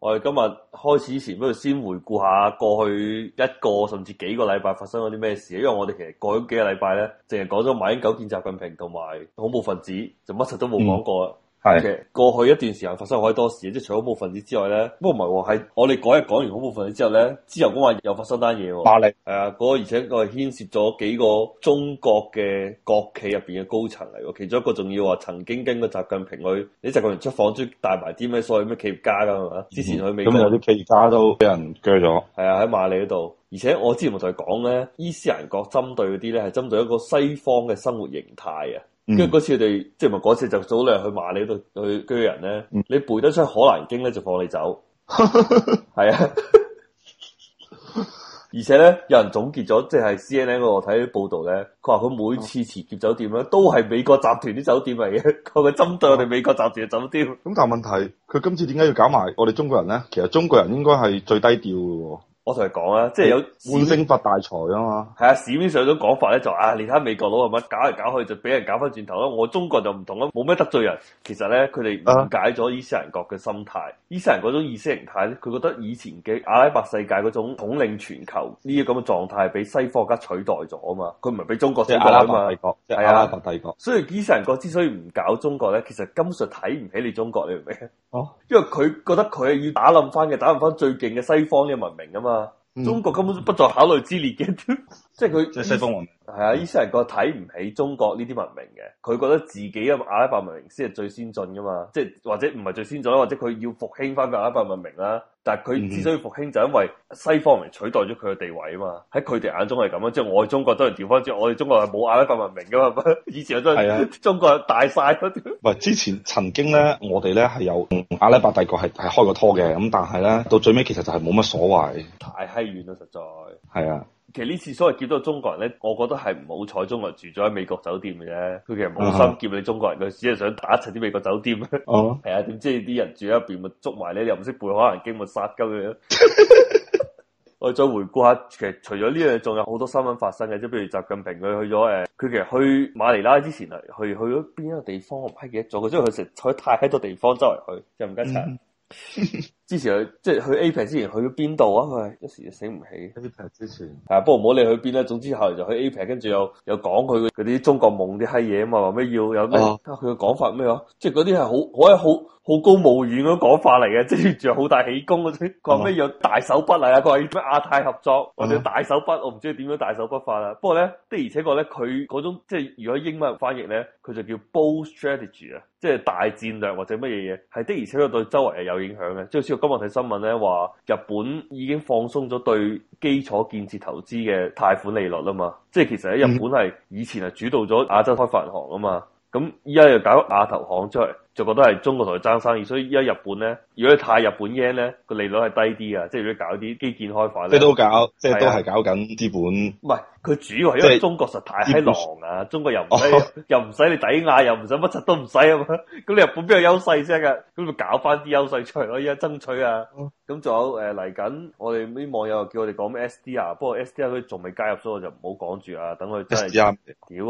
我哋今日開始前，不如先回顧一下過去一個甚至幾個禮拜發生咗啲咩事。因為我哋其實過咗幾個禮拜呢，淨係講咗馬英九見習近平同埋恐怖分子，就乜柒都冇講過。嗯。係嘅，Okay. 過去一段時間發生好多事，即係除咗恐怖分子之外咧，不過唔係喎，係我哋講講完恐怖分子之後咧，之後講話又發生單嘢喎。馬里利係啊，個而且佢係牽涉咗幾個中國嘅國企入邊嘅高層嚟嘅，其中一個仲要話曾經跟過習近平去，你習近平出訪即帶埋啲咩？所謂咩企業家噶嘛？之前去美國咁有啲企業家都俾人鋸咗。係啊，喺馬里嗰度，而且我之前咪同佢講咧，伊斯蘭國針對嗰啲咧係針對一個西方嘅生活形態啊。跟住嗰次佢哋，即係咪嗰次就早兩日去罵你度，去嗰人咧，嗯、你背得出《可蘭經》咧就放你走，係 啊！ 而且咧，有人總結咗，即、就、係、是、C N N 我睇啲報道咧，佢話佢每次持劫酒店咧，都係美國集團啲酒店嚟嘅，佢 係針對我哋美國集團嘅酒店。咁但係問題，佢今次點解要搞埋我哋中國人咧？其實中國人應該係最低調嘅、哦。我同你講啊，即係有市面發大財啊嘛。係啊，市面上嗰種講法咧、就是，就啊，你睇下美國佬係咪搞嚟搞去就俾人搞翻轉頭咯？我中國就唔同咯，冇咩得罪人。其實咧，佢哋誤解咗伊斯蘭國嘅心態。伊斯蘭國嗰種意識形態咧，佢覺得以前嘅阿拉伯世界嗰種統領全球呢啲咁嘅狀態，係俾西方國家取代咗啊嘛。佢唔係俾中國取代啊嘛，阿拉伯帝國。就是、所以伊斯蘭國之所以唔搞中國咧，其實根本睇唔起你中國，你明唔明？哦、啊，因為佢覺得佢要打冧翻嘅，打冧翻最勁嘅西方嘅文明啊嘛。中國根本都不在考慮之列嘅。即係佢西方文明係啊！啲人個睇唔起中國呢啲文明嘅，佢覺得自己嘅阿拉伯文明先係最先進噶嘛。即係或者唔係最先進啦，或者佢要復興翻個阿拉伯文明啦。但係佢之所以復興，就因為西方文取代咗佢嘅地位啊嘛。喺佢哋眼中係咁咯。即係我哋中國都係調翻轉，我哋中國係冇阿拉伯文明噶嘛。以前都係中國大曬。唔係之前曾經咧，我哋咧係有阿拉伯帝國，係係開個拖嘅。咁但係咧到最尾其實就係冇乜所謂。太閪遠啦，實在係啊！其實呢次所謂劫到中國人咧，我覺得係唔好彩中國人住咗喺美國酒店嘅啫，佢其實冇心劫你中國人，佢只係想打沉啲美國酒店。哦、uh，係、huh。啊， 點知啲人住喺入邊咪捉埋咧？你又唔識背可蘭經咪殺鳩咁樣？我， 我再回顧下，其實除咗呢樣，仲有好多新聞發生嘅，即係譬如習近平佢去咗誒，佢其實去馬尼拉之前啊，去去咗邊一個地方我唔記得咗。佢因為佢成日太喺度地方周圍去，又唔跟得。 之前去即係去 APEC 之前去咗邊度啊？佢一時又醒唔起之前啊，不過唔好理去邊啦。總之後來就去 APEC，跟住又又講佢嗰啲中國夢啲閪嘢啊嘛，話咩要有咩佢嘅講法咩嗬？即係嗰啲係好我係好好高騖遠嗰講法嚟嘅，即係仲、 啊、有好大喜功嗰啲。佢話咩要大手筆啊？佢話咩亞太合作、啊、或者大手筆？我唔知點樣大手筆法啦。不過咧的而且確咧，佢嗰種即係如果英文翻譯咧，佢就叫 bull strategy 啊，即係大戰略或者乜嘢嘢係的而且確對周圍係有影響嘅，最今日睇新聞咧，話日本已經放鬆咗對基礎建設投資嘅貸款利率啦嘛，即係其實喺日本係以前係主導咗亞洲開發銀行啊嘛，咁依家又搞亞投行出嚟。就覺得係中國同佢爭生意，所以依家日本咧，如果你太日本 yen 咧，個利率係低啲啊，即係如果搞啲基建開發咧，即都搞，即、就、係、是、都係搞緊資本。唔係、啊，佢主要係因為中國實太閪狼啊，本中國又唔使、哦、又唔使你抵押，又唔使乜柒都唔使啊嘛，咁你日本邊有優勢啫？咁咪搞翻啲優勢出嚟咯，依家爭取啊！咁仲、哦、有誒嚟緊，我哋啲網友叫我哋講咩 SDR，不過 SDR 佢仲未加入，所以我就唔好講住啊，等佢真係。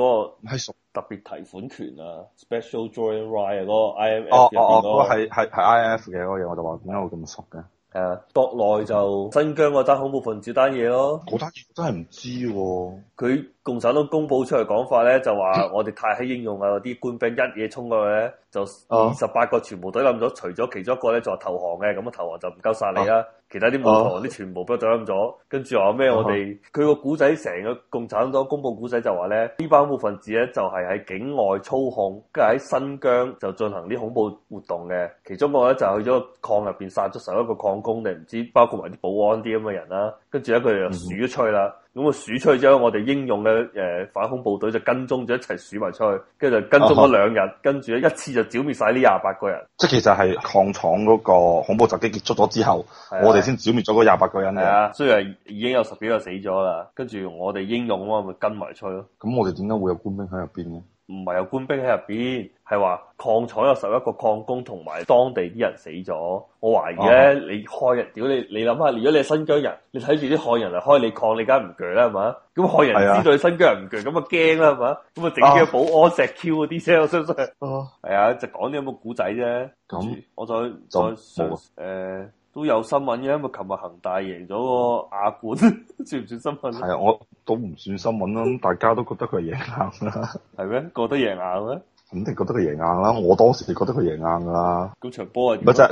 SDR，特別提款權啊，Special Drawing Right 嗰個 IMF 入邊，嗰個係係係 IMF 嘅嗰樣，我就話點解我咁熟嘅？誒、uh,，國內就新疆個單恐怖分子單嘢咯，嗰單嘢我真係唔知喎、啊，佢。共產黨公佈出嚟講法咧，就話我哋太興應用啊嗰啲官兵一嘢衝過去咧，就二十八個全部斃冧咗，除咗其中一個咧就投降嘅，咁啊投降就唔夠殺你啦，其他啲幕後啲全部都斃冧咗。跟住話咩？我哋佢個古仔成個共產黨公佈古仔就話咧，呢班恐怖分子咧就係、是、喺境外操控，跟住喺新疆就進行啲恐怖活動嘅。其中一個咧就是、去咗礦入邊殺咗十一個礦工你唔知，包括埋啲保安啲咁嘅人啦、啊。跟住咧，佢哋就鼠咗出去啦。咁我鼠出去之後，我哋英勇嘅誒反恐部隊就跟蹤咗一齊鼠埋出去，跟住就跟蹤咗兩日。跟住咧，一次就剿滅晒呢廿八個人。即係其實係礦廠嗰個恐怖襲擊結束咗之後，啊、我哋先剿滅咗嗰廿八個人啊。雖然已經有十幾個死咗啦，跟住我哋英勇啊，咪跟埋出去咯。咁我哋點解會有官兵喺入邊咧？唔係有官兵喺入邊，係話礦廠有十一個礦工同埋當地啲人死咗。我懷疑咧，啊、你漢人，屌你！你諗下，如果你係新疆人，你睇住啲漢人嚟開你礦，你梗係唔鋸啦，係嘛？咁漢人知道你新疆人唔鋸，咁啊驚啦，係嘛？咁啊整啲保安石 Q 嗰啲聲，我相信係啊，啊，啊，就講啲咁嘅古仔啫。咁樣我再再誒。都有新聞嘅，因為琴日恒大贏咗個亞冠， 算唔算新聞？係啊，我都唔算新聞啦，大家都覺得佢贏硬啦，係咩？覺得贏硬咩？肯定覺得佢贏硬啦，我當時就覺得佢贏硬噶啦。嗰場波啊，咪即係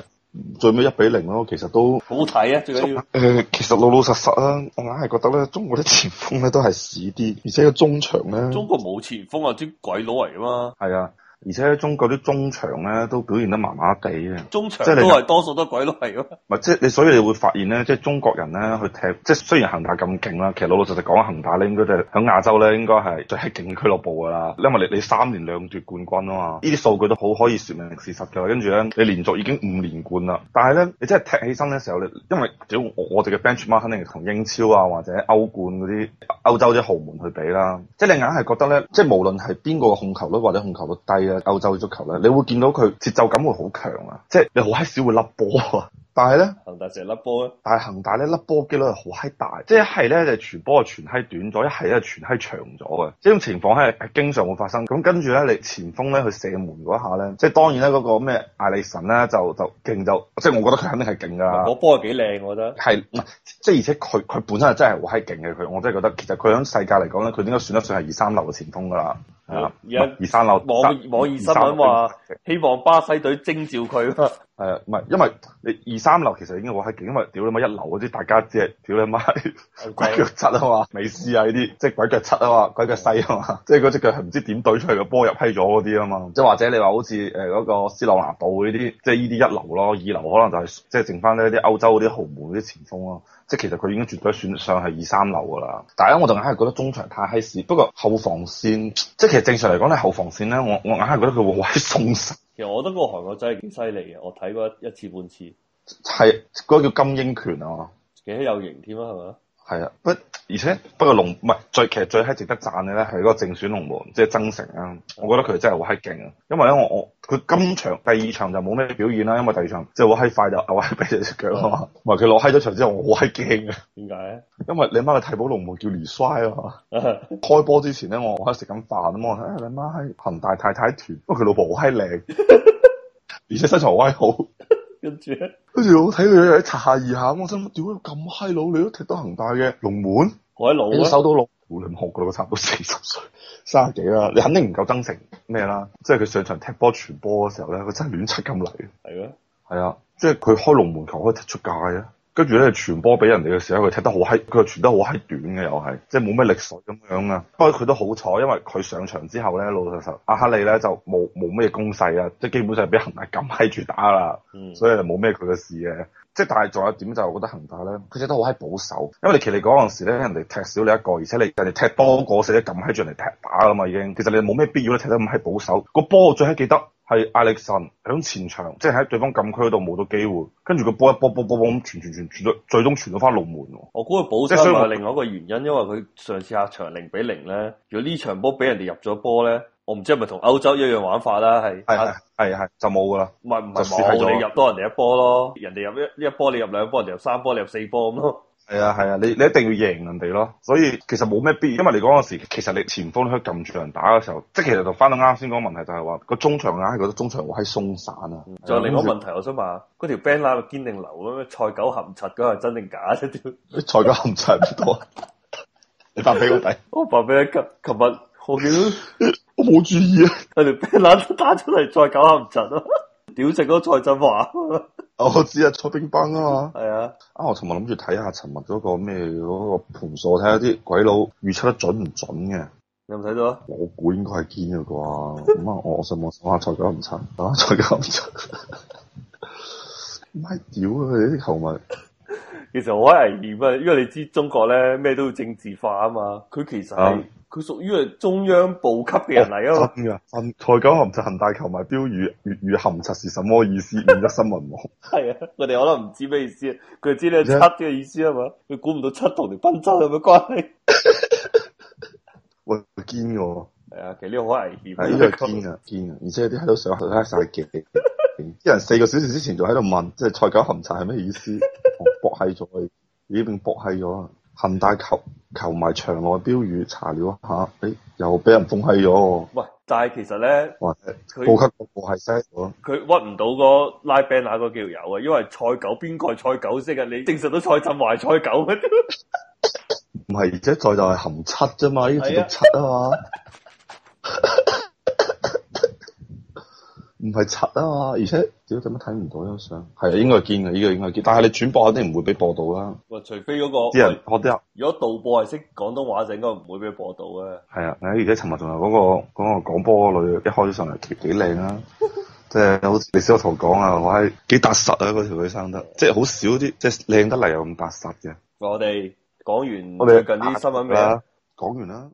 最尾一比零咯，其實都好睇啊！最緊要，誒，其實老老實實啦，我硬係覺得咧，中國啲前鋒咧都係屎啲，而且個中場咧，中國冇前鋒、就是、啊，啲鬼佬嚟噶嘛，係啊。而且中國啲中場咧都表現得麻麻地啊！中場都係多數都鬼佬嚟嘅。唔即係你，所以你會發現咧，即係中國人咧去踢，即係雖然恒大咁勁啦，其實老老實實講，恒大咧應該就喺亞洲咧應該係最勁嘅俱樂部㗎啦。因為你你三年兩奪冠軍啊嘛，呢啲數據都好可以說明事實㗎。跟住咧，你連續已經五連冠啦。但係咧，你真係踢起身嘅時候，你因為主我哋嘅 benchmark 肯定係同英超啊或者歐冠嗰啲歐洲啲豪門去比啦。即係你硬係覺得咧，即係無論係邊個嘅控球率或者控球率低啊。歐洲嘅足球咧，你會見到佢節奏感會好強啊！即係你好閪少會甩波啊！但係咧，恒大成日甩波咧，但係恒大咧甩波機率好閪大，即係一係咧就傳波傳閪短咗，一係咧就傳閪長咗嘅。即係種情況係係經常會發生。咁跟住咧，你前鋒咧佢射門嗰下咧，即係當然咧嗰個咩艾利臣咧就就勁就，即係我覺得佢肯定係勁㗎。嗰波係幾靚，我覺得係，即係而且佢佢本身係真係好閪勁嘅佢，我真係覺得其實佢喺世界嚟講咧，佢應該算得上係二三流嘅前鋒㗎啦。係啦，二三流網網二三流話，希望巴西隊徵召佢。係啊， 唔係因為你二三流其實已經話係，因為屌你媽一流嗰啲，大家只係屌你媽鬼腳七啊嘛，梅西啊呢啲，即係鬼腳七啊嘛，鬼腳細啊嘛，即係嗰隻腳係唔知點懟出嚟個波入閪咗嗰啲啊嘛，即係或者你話好似誒嗰個 C 朗拿度呢啲，即係呢啲一流咯，二流可能就係、是、即係剩翻呢啲歐洲嗰啲豪門嗰啲前鋒咯。即其實佢已經絕對算得上係二三流噶啦，但係咧我就硬係覺得中場太閪屎，不過後防線，即係其實正常嚟講咧後防線咧，我我硬係覺得佢會威鬆曬。其實我覺得個韓國仔係幾犀利嘅，我睇過一次半次，係嗰、嗰個叫金英權啊，幾有型添啊，係咪啊？係啊，不而且不過龍唔係最其實最閪值得讚嘅咧，係嗰個正選龍門即係曾誠啊，我覺得佢真係好嗨勁啊！因為咧我我佢今場第二場就冇咩表現啦，因為第二場即係我嗨快就啊，我閪跛咗隻腳啊嘛，唔係佢落嗨咗場之後，我好嗨驚啊！點解咧？因為你媽嘅替補龍門叫李帥啊嘛！ 開波之前咧，我我喺度食緊飯啊嘛，唉、哎、你媽係恒大太太團，因為佢老婆好嗨靚， 而且身材好閪好。 跟住咧，跟住我睇佢又喺擦下二下，我心諗：點解你咁嗨佬？你都踢得恒大嘅龍門海老，你收到六，你唔學過，你都差唔多四十歲、三十幾啦，你肯定唔夠增城咩啦？即係佢上場踢波傳波嘅時候咧，佢真係亂七咁嚟，係咯嗎，係啊，即係佢開龍門球可以踢出界啊！跟住咧傳波俾人哋嘅時候，佢踢得好閪，佢傳得好閪短嘅又係，即係冇咩力水咁樣啊。不過佢都好彩，因為佢上場之後咧，老老實實阿哈利咧就冇冇咩攻勢啊，即係基本上係俾恒大撳閪住打啦，嗯、所以就冇咩佢嘅事嘅。即係但係仲有一點就係我覺得恒大咧，佢踢得好閪保守，因為你騎嚟講嗰陣時咧，人哋踢少你一個，而且你人哋踢多過死得撳閪住嚟踢打啦嘛已經。其實你冇咩必要咧，你踢得咁閪保守，個波最係記得。係 Alexon 響前場，即係喺對方禁區度冇到機會，跟住佢波一波波波波咁傳傳傳，最終傳到最終傳到翻龍門。我估佢補即係另外一個原因，因為佢上次客場零比零咧，如果呢場波俾人哋入咗波咧，我唔知係咪同歐洲一樣玩法啦，係係係係就冇噶啦，唔係唔係輸你入多人哋一波咯，人哋入一一波你入兩波，人哋入三波你入四波咁咯。係啊，係啊，你你一定要贏人哋咯，所以其實冇咩必要，因為你嗰陣時，其實你前鋒咧撳住人打嘅時候，即係其實就翻到啱先講問題就，就係話個中場硬係覺得中場位鬆散啊。仲有另一個問題，嗯、我想問，嗰條 band 拉堅定流咁樣，蔡狗含柒嗰係真定假啫？啲 蔡狗含柒唔多啊？ 你發俾我睇， 我發俾你。琴日 我見到我冇注意啊，條 band 拉都打出嚟，蔡狗含柒啊！屌食個蔡振華。我知冰啊，出乒乓啊嘛，係啊。啱，我尋日諗住睇下尋日嗰個咩，嗰個盤數，睇下啲鬼佬預測得準唔準嘅？你有冇睇到啊？我估、那個、應該係堅嘅啩。咁啊，我上網搜下賽果唔差，啊賽果唔差。唔係屌啊！佢哋啲球迷，其實好危險啊，因為你知中國咧咩都要政治化啊嘛。佢其實。嗯佢屬於係中央部級嘅人嚟咯，真噶！財狗含柒恒大球迷標語粵語含柒是什麼意思？唔得新聞係啊，我哋可能唔知咩意思，佢知你係七嘅意思啊嘛？佢估唔到七同你濱州有咩關係？喂，堅我係啊，其實好危險，呢個係堅啊堅啊，而且有啲喺度想開晒計，一人四個小時之前就喺度問，即係財狗含柒係咩意思？博氣咗，呢邊博氣咗。恆大球球迷場內標語，查了一下，誒、哎，又俾人封氣咗。喂，但係其實咧，或者高級幹部係識咯，佢屈唔到個拉貝納個叫有啊，因為賽狗邊個係賽狗識啊？你證實到賽振華係賽狗唔係， 而且賽就係含七啫嘛，呢個字讀七啊嘛。 唔係七啊嘛，而且屌點解睇唔到張相？係啊，應該係見嘅，呢、這個應該係見。但係你轉播肯定唔會俾播到啦。喂，除非嗰、那個啲人學啲啊。呃、如果導播係識廣東話，就應該唔會俾播到啊。係啊，而且而家尋日仲有嗰、那個嗰、那個廣播女一開咗上嚟，幾幾靚啊。即係好似李小圖講啊，我哇，幾扎實啊，嗰條女生、就是就是、得，即係好少啲，即係靚得嚟又咁扎實嘅。我哋講完我哋近啲新聞未？講完啦。